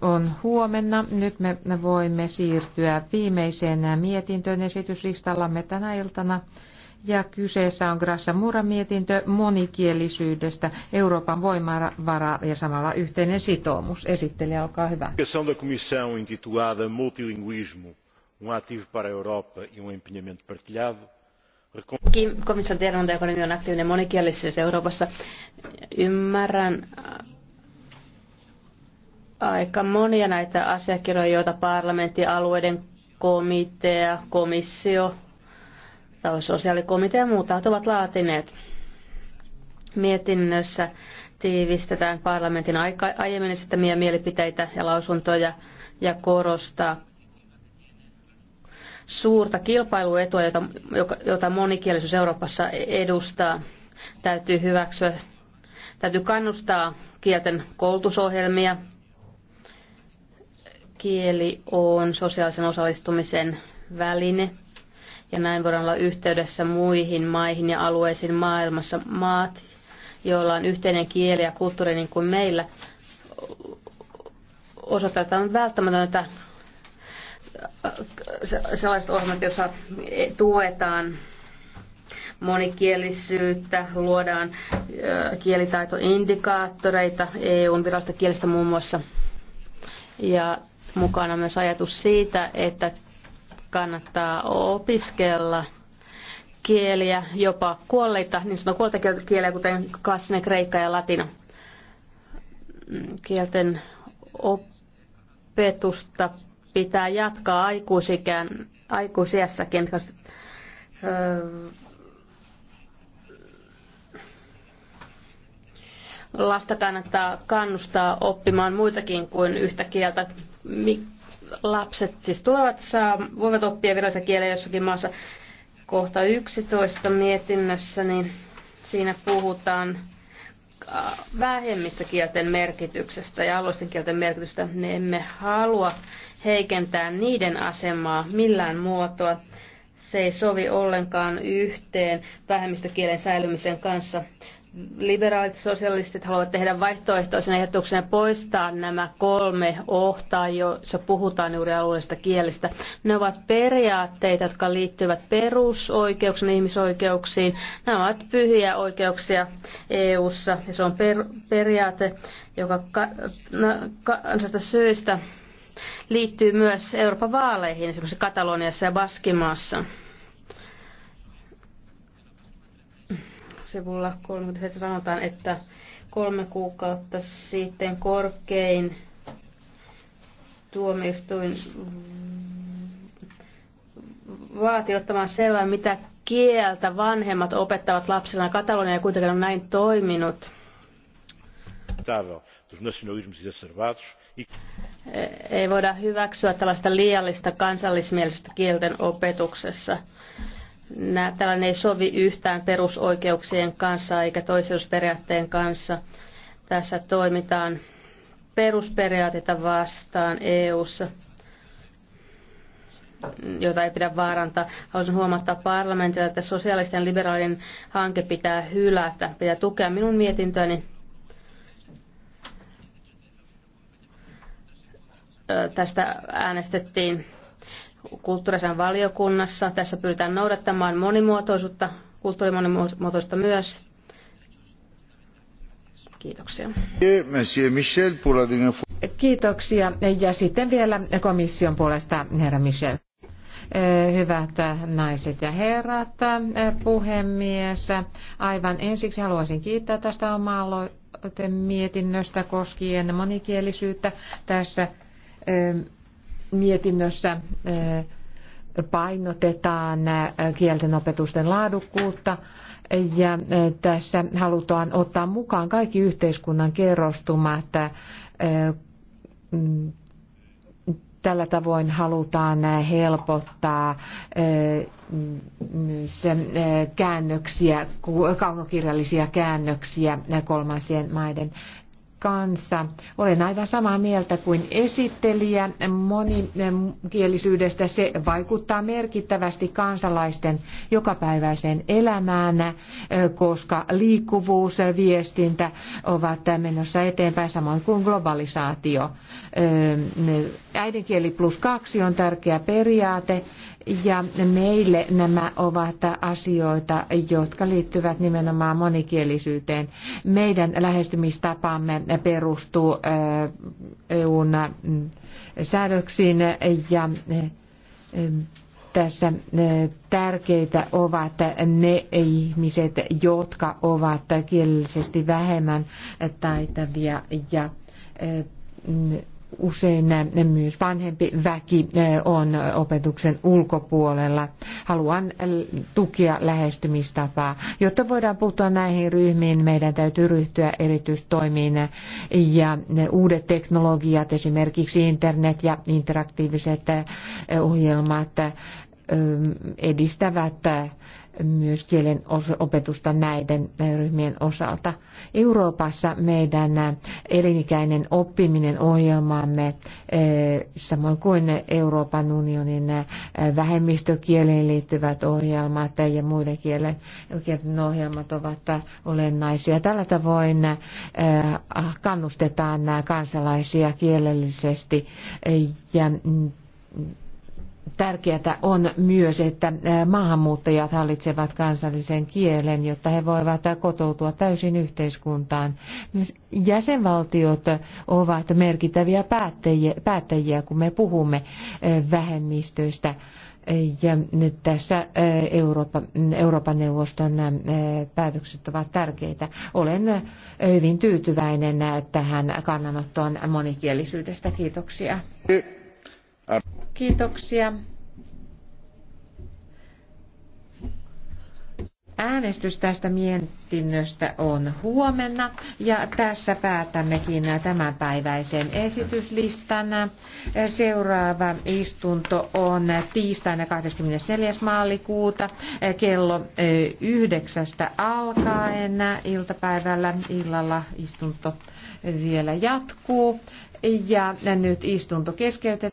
on huomenna. Nyt me voimme siirtyä viimeiseen mietintöön esityslistallamme tänä iltana. Ja kyseessä on Grassa Muran mietintö monikielisyydestä, Euroopan voimavara ja samalla yhteinen sitoumus. Esittelijä, olkaa hyvä. um ativo para komission tiedonanto, joka on aktiivinen monikielisyys Euroopassa. Ymmärrän aika monia näitä asiakirjoja, joita parlamentti, alueiden komitea, komissio, talous- sosiaalikomitea ja muut ovat laatineet. Mietinnössä tiivistetään parlamentin aika, aiemmin esittämiä mielipiteitä ja lausuntoja ja korostaa suurta kilpailuetua, jota, jota monikielisyys Euroopassa edustaa. Täytyy hyväksyä, täytyy kannustaa kielten koulutusohjelmia, Kieli on sosiaalisen osallistumisen väline ja näin voidaan olla yhteydessä muihin maihin ja alueisiin maailmassa. Maat, joilla on yhteinen kieli ja kulttuuri niin kuin meillä, osoitetaan on välttämätöntä sellaiset ohjelmat, joissa tuetaan monikielisyyttä, luodaan kielitaitoindikaattoreita EUn virallista kielestä muun muassa. Ja mukana myös ajatus siitä, että kannattaa opiskella kieliä, jopa kuolleita, niin sanotaan kuolleita kieliä, kuten klassinen kreikka ja latina. Kielten opetusta pitää jatkaa aikuisikään, aikuisiässäkin. Lasta kannattaa kannustaa oppimaan muitakin kuin yhtä kieltä lapset siis tulevat saa, voivat oppia virallisia kieliä jossakin maassa. Kohta 11 mietinnössä, niin siinä puhutaan äh, vähemmistökielten merkityksestä ja alueisten kielten merkitystä. Me emme halua heikentää niiden asemaa millään muotoa. Se ei sovi ollenkaan yhteen vähemmistökielen säilymisen kanssa liberaalit sosialistit haluavat tehdä vaihtoehtoisen ehdotuksen poistaa nämä kolme ohtaa, joissa puhutaan juuri alueellisista kielistä. Ne ovat periaatteita, jotka liittyvät perusoikeuksiin, ihmisoikeuksiin. Nämä ovat pyhiä oikeuksia EU-ssa ja se on per- periaate, joka ka- no, kansasta syistä liittyy myös Euroopan vaaleihin, esimerkiksi Kataloniassa ja Baskimaassa. sivulla 37 sanotaan, että kolme kuukautta sitten korkein tuomioistuin vaati ottamaan selvää, mitä kieltä vanhemmat opettavat lapsillaan Katalonia ja kuitenkin on näin toiminut. E- Ei voida hyväksyä tällaista liiallista kansallismielisestä kielten opetuksessa nää, tällainen ei sovi yhtään perusoikeuksien kanssa eikä toiseusperiaatteen kanssa. Tässä toimitaan perusperiaatteita vastaan EU:ssa jota ei pidä vaarantaa. Haluaisin huomauttaa parlamentilla, että sosiaalisten liberaalien hanke pitää hylätä, pitää tukea minun mietintöni. Tästä äänestettiin kulttuurisen valiokunnassa. Tässä pyritään noudattamaan monimuotoisuutta, kulttuurimonimuotoista myös. Kiitoksia. Kiitoksia. Ja sitten vielä komission puolesta herra Michel. Eh, hyvät naiset ja herrat, eh, puhemies. Aivan ensiksi haluaisin kiittää tästä omaa mietinnöstä koskien monikielisyyttä. Tässä eh, mietinnössä eh, painotetaan eh, kieltenopetusten laadukkuutta ja eh, tässä halutaan ottaa mukaan kaikki yhteiskunnan kerrostumat. Mm, tällä tavoin halutaan helpottaa myös käännöksiä, kaunokirjallisia käännöksiä kolmansien maiden kanssa. Olen aivan samaa mieltä kuin esittelijä monikielisyydestä. Se vaikuttaa merkittävästi kansalaisten jokapäiväiseen elämään, koska liikkuvuus ja viestintä ovat menossa eteenpäin, samoin kuin globalisaatio. Äidinkieli plus kaksi on tärkeä periaate. Ja meille nämä ovat asioita, jotka liittyvät nimenomaan monikielisyyteen. Meidän lähestymistapamme perustuu EUn mm, säädöksiin ja mm, tässä mm, tärkeitä ovat ne ihmiset, jotka ovat kielellisesti vähemmän taitavia ja usein eh, myös vanhempi väki eh, on eh, opetuksen ulkopuolella. Haluan tukea lähestymistapaa. Jotta voidaan puuttua näihin ryhmiin, meidän täytyy ryhtyä erityistoimiin ja uudet teknologiat, esimerkiksi internet ja interaktiiviset ohjelmat, edistävät myös kielen opetusta näiden ryhmien osalta. Euroopassa meidän elinikäinen oppiminen ohjelmaamme, samoin kuin Euroopan unionin vähemmistökieleen liittyvät ohjelmat ja muiden kielen, kielen ohjelmat ovat olennaisia. Tällä tavoin kannustetaan kansalaisia kielellisesti ja Tärkeää on myös, että maahanmuuttajat hallitsevat kansallisen kielen, jotta he voivat kotoutua täysin yhteiskuntaan. Myös jäsenvaltiot ovat merkittäviä päättäjiä, kun me puhumme vähemmistöistä. Ja tässä Euroopan neuvoston päätökset ovat tärkeitä. Olen hyvin tyytyväinen tähän kannanottoon monikielisyydestä. Kiitoksia. Eh, Kiitoksia. Äänestys tästä mietinnöstä on huomenna ja tässä päätämmekin tämänpäiväisen esityslistana. Seuraava istunto on tiistaina 24. maalikuuta kello yhdeksästä alkaen iltapäivällä illalla istunto vielä jatkuu ja nyt istunto keskeytetään.